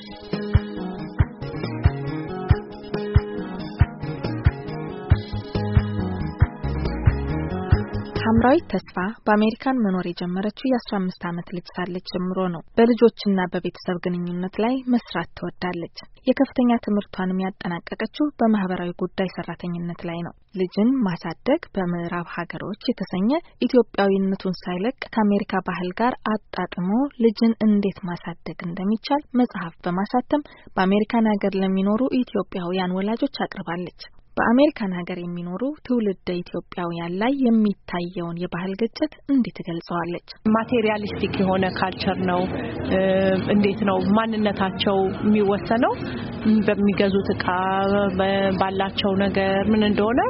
Thank you. ታምራዊት ተስፋ በአሜሪካን መኖር የጀመረችው የአስራ አምስት ዓመት ልጅ ሳለች ጀምሮ ነው። በልጆችና በቤተሰብ ግንኙነት ላይ መስራት ትወዳለች። የከፍተኛ ትምህርቷንም ያጠናቀቀችው በማህበራዊ ጉዳይ ሰራተኝነት ላይ ነው። ልጅን ማሳደግ በምዕራብ ሀገሮች የተሰኘ ኢትዮጵያዊነቱን ሳይለቅ ከአሜሪካ ባህል ጋር አጣጥሞ ልጅን እንዴት ማሳደግ እንደሚቻል መጽሐፍ በማሳተም በአሜሪካን ሀገር ለሚኖሩ ኢትዮጵያውያን ወላጆች አቅርባለች። በአሜሪካን ሀገር የሚኖሩ ትውልደ ኢትዮጵያውያን ላይ የሚታየውን የባህል ግጭት እንዲህ ትገልጸዋለች። ማቴሪያሊስቲክ የሆነ ካልቸር ነው። እንዴት ነው ማንነታቸው የሚወሰነው? በሚገዙት እቃ፣ ባላቸው ነገር ምን እንደሆነ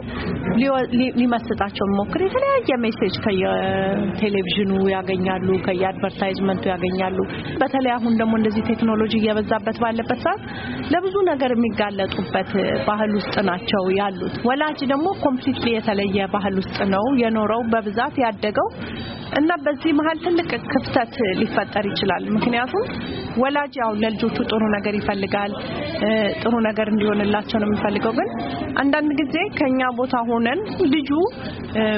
ሊመስጣቸው ሞክር። የተለያየ ሜሴጅ ከየቴሌቪዥኑ ያገኛሉ፣ ከየአድቨርታይዝመንቱ ያገኛሉ። በተለይ አሁን ደግሞ እንደዚህ ቴክኖሎጂ እየበዛበት ባለበት ሰዓት ለብዙ ነገር የሚጋለጡበት ባህል ውስጥ ናቸው። ያሉት። ወላጅ ደግሞ ኮምፕሊትሊ የተለየ ባህል ውስጥ ነው የኖረው በብዛት ያደገው እና በዚህ መሀል ትልቅ ክፍተት ሊፈጠር ይችላል። ምክንያቱም ወላጅ ያው ለልጆቹ ጥሩ ነገር ይፈልጋል፣ ጥሩ ነገር እንዲሆንላቸው ነው የሚፈልገው። ግን አንዳንድ ጊዜ ከኛ ቦታ ሆነን ልጁ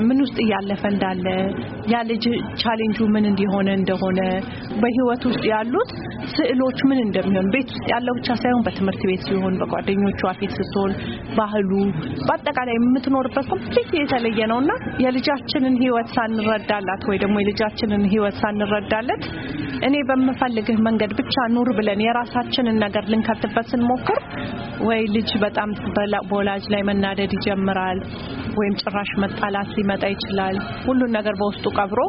ምን ውስጥ እያለፈ እንዳለ ያ ልጅ ቻሌንጁ ምን እንደሆነ እንደሆነ በህይወት ውስጥ ያሉት ስዕሎች ምን እንደሚሆን ቤት ውስጥ ያለው ብቻ ሳይሆን በትምህርት ቤት ሲሆን፣ በጓደኞቹ ፊት ስትሆን፣ ባህሉ በአጠቃላይ የምትኖርበት ኮምፕሊት የተለየ ነውና የልጃችንን ህይወት ሳንረዳላት ወይ ደግሞ የልጃችንን ህይወት ሳንረዳለት እኔ በምፈልግህ መንገድ ብቻ ኑር ብለን የራሳችንን ነገር ልንከትበት ስንሞክር ወይ ልጅ በጣም በወላጅ ላይ መናደድ ይጀምራል። ወይም ጭራሽ መጣላት ሊመጣ ይችላል። ሁሉን ነገር በውስጡ ቀብሮ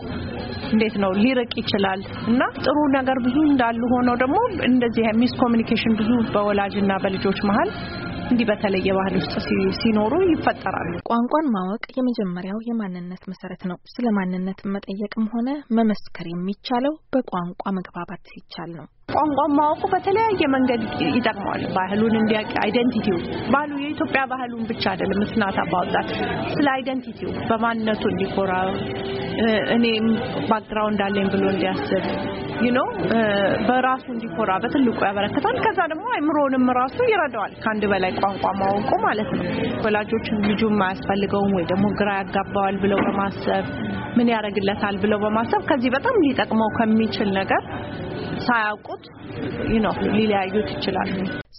እንዴት ነው ሊርቅ ይችላል እና ጥሩ ነገር ብዙ እንዳሉ ሆነው ደግሞ እንደዚህ ሚስ ኮሚኒኬሽን ብዙ በወላጅና በልጆች መሀል እንዲህ በተለየ ባህል ውስጥ ሲኖሩ ይፈጠራሉ። ቋንቋን ማወቅ የመጀመሪያው የማንነት መሰረት ነው። ስለ ማንነት መጠየቅም ሆነ መመስከር የሚቻለው በቋንቋ መግባባት ሲቻል ነው። ቋንቋን ማወቁ በተለያየ መንገድ ይጠቅማል። ባህሉን እንዲያውቅ አይደንቲቲው ባህሉ የኢትዮጵያ ባህሉን ብቻ አይደለም። ምስናት አባወጣት ስለ አይደንቲቲው በማንነቱ እንዲኮራ እኔም ባክግራውንድ አለኝ ብሎ እንዲያስብ ዩኖ በራሱ እንዲኮራ በትልቁ ያበረክታል። ከዛ ደግሞ አይምሮንም ራሱ ይረዳዋል። ከአንድ በላይ ቋንቋ ማወቁ ማለት ነው። ወላጆችን ልጁ የማያስፈልገውን ወይ ደግሞ ግራ ያጋባዋል ብለው በማሰብ ምን ያደርግለታል ብለው በማሰብ ከዚህ በጣም ሊጠቅመው ከሚችል ነገር ሳያውቁት ዩኖ ሊለያዩት ይችላል።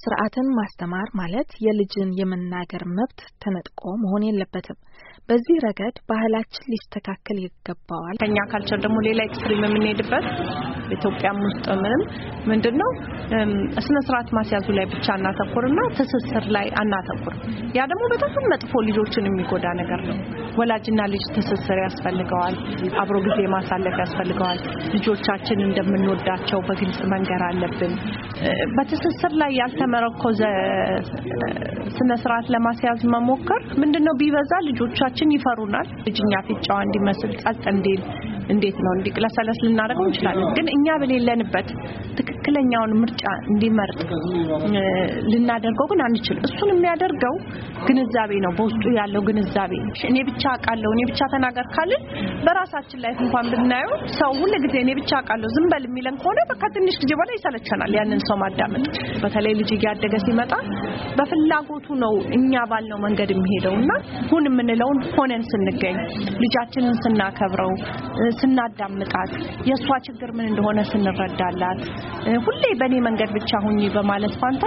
ስርዓትን ማስተማር ማለት የልጅን የመናገር መብት ተነጥቆ መሆን የለበትም። በዚህ ረገድ ባህላችን ሊስተካከል ይገባዋል። ከኛ ካልቸር ደግሞ ሌላ ኤክስትሪም የምንሄድበት ኢትዮጵያም ውስጥ ምንም ምንድን ነው ስነ ስርዓት ማስያዙ ላይ ብቻ እናተኩርና ትስስር ላይ አናተኩር። ያ ደግሞ በጣም መጥፎ ልጆችን የሚጎዳ ነገር ነው። ወላጅና ልጅ ትስስር ያስፈልገዋል። አብሮ ጊዜ ማሳለፍ ያስፈልገዋል። ልጆቻችን እንደምንወዳቸው በግልጽ መንገር አለብን። በትስስር ላይ ያልተመረኮዘ ስነ ስርዓት ለማስያዝ መሞከር ምንድነው ቢበዛ ልጆቻችን ይፈሩናል። ልጅኛ ፊት ጨዋ እንዲመስል ጸጥ እንዲል እንዴት ነው እንዲቅለሰለስ ልናደርገው እንችላለን። ግን እኛ በሌለንበት ትክክለኛውን ምርጫ እንዲመርጥ ልናደርገው ግን አንችልም። እሱን የሚያደርገው ግንዛቤ ነው፣ በውስጡ ያለው ግንዛቤ። እኔ ብቻ አውቃለሁ፣ እኔ ብቻ ተናገር ካልን በራሳችን ላይፍ እንኳን ብናየው ሰው ሁሉ ጊዜ እኔ ብቻ አውቃለሁ ዝም በል የሚለን ከሆነ በቃ ትንሽ ጊዜ በኋላ ይሰለቸናል ያንን ሰው ማዳመጥ። በተለይ ልጅ እያደገ ሲመጣ በፍላጎቱ ነው እኛ ባልነው መንገድ የሚሄደውና ሁን የምንለውን ሆነን ስንገኝ ልጃችንን ስናከብረው ስናዳምጣት የእሷ ችግር ምን እንደሆነ ስንረዳላት ሁሌ በእኔ መንገድ ብቻ ሁኚ በማለት ፋንታ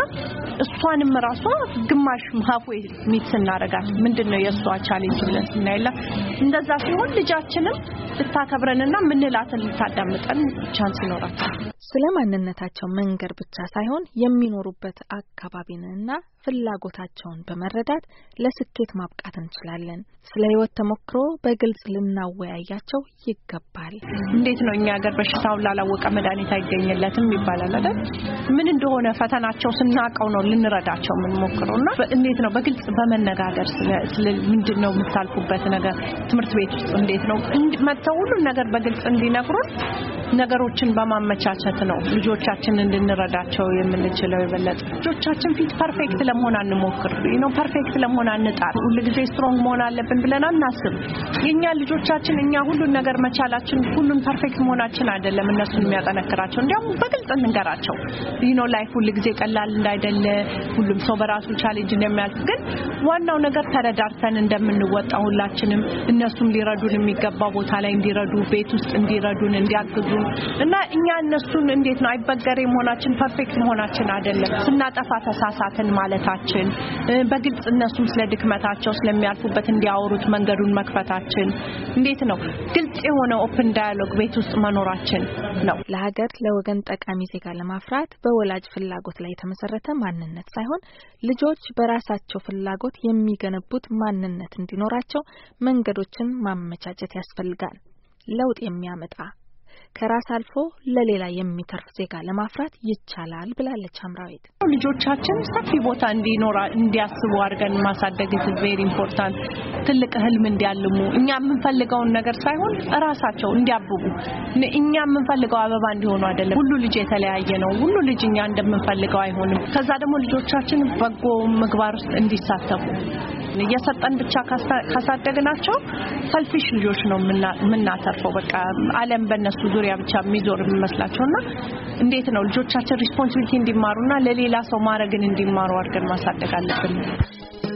እሷንም ራሷ ግማሽ ሀፍዌይ ሚት ስናረጋት ምንድን ነው የእሷ ቻሌንጅ ብለን ስናይላ፣ እንደዛ ሲሆን ልጃችንም ልታከብረንና ምንላትን ልታዳምጠን ቻንስ ይኖራታል። ስለ ማንነታቸው መንገድ ብቻ ሳይሆን የሚኖሩበት አካባቢንና ፍላጎታቸውን በመረዳት ለስኬት ማብቃት እንችላለን። ስለ ህይወት ተሞክሮ በግልጽ ልናወያያቸው ይገባል። ይገባል። እንዴት ነው እኛ ሀገር በሽታውን ላላወቀ መድኃኒት አይገኝለትም ይባላል አይደል? ምን እንደሆነ ፈተናቸው ስናቀው ነው ልንረዳቸው የምንሞክረው እና እንዴት ነው በግልጽ በመነጋገር ስለ ምንድን ነው የምታልፉበት ነገር ትምህርት ቤት ውስጥ እንዴት ነው መጥተው ሁሉን ነገር በግልጽ እንዲነግሩን ነገሮችን በማመቻቸት ነው ልጆቻችን እንድንረዳቸው የምንችለው። የበለጠ ልጆቻችን ፊት ፐርፌክት ለመሆን አንሞክር ነው፣ ፐርፌክት ለመሆን አንጣር። ሁልጊዜ ስትሮንግ መሆን አለብን ብለን አናስብ። የእኛ ልጆቻችን እኛ ሁሉን ነገር መቻላችን፣ ሁሉን ፐርፌክት መሆናችን አይደለም እነሱን የሚያጠነክራቸው። እንዲያውም በግልጽ እንንገራቸው ነው ላይፍ ሁልጊዜ ቀላል እንዳይደለ፣ ሁሉም ሰው በራሱ ቻሌንጅ እንደሚያልፍ ግን ዋናው ነገር ተረዳርተን እንደምንወጣ ሁላችንም እነሱም ሊረዱን የሚገባ ቦታ ላይ እንዲረዱ፣ ቤት ውስጥ እንዲረዱን፣ እንዲያግዙ አይችሉም እና እኛ እነሱን እንዴት ነው አይበገሬ መሆናችን ፐርፌክት መሆናችን አይደለም። ስናጠፋ ተሳሳትን ማለታችን፣ በግልጽ እነሱም ስለ ድክመታቸው ስለሚያልፉበት እንዲያወሩት መንገዱን መክፈታችን እንዴት ነው ግልጽ የሆነ ኦፕን ዳያሎግ ቤት ውስጥ መኖራችን ነው። ለሀገር ለወገን ጠቃሚ ዜጋ ለማፍራት በወላጅ ፍላጎት ላይ የተመሰረተ ማንነት ሳይሆን ልጆች በራሳቸው ፍላጎት የሚገነቡት ማንነት እንዲኖራቸው መንገዶችን ማመቻቸት ያስፈልጋል። ለውጥ የሚያመጣ ከራስ አልፎ ለሌላ የሚተርፍ ዜጋ ለማፍራት ይቻላል ብላለች አምራዊት። ልጆቻችን ሰፊ ቦታ እንዲኖራ እንዲያስቡ አድርገን ማሳደግ ቬሪ ኢምፖርታንት፣ ትልቅ ህልም እንዲያልሙ እኛ የምንፈልገውን ነገር ሳይሆን እራሳቸው እንዲያብቡ እኛ የምንፈልገው አበባ እንዲሆኑ አይደለም። ሁሉ ልጅ የተለያየ ነው። ሁሉ ልጅ እኛ እንደምንፈልገው አይሆንም። ከዛ ደግሞ ልጆቻችን በጎ ምግባር ውስጥ እንዲሳተፉ አደረግን። እየሰጠን ብቻ ካሳደግናቸው ሰልፊሽ ልጆች ነው የምናተርፈው። በቃ ዓለም በእነሱ ዙሪያ ብቻ የሚዞር እና እንዴት ነው ልጆቻችን ሪስፖንሲቢሊቲ እንዲማሩና ለሌላ ሰው ማድረግን እንዲማሩ አድርገን ማሳደግ አለብን።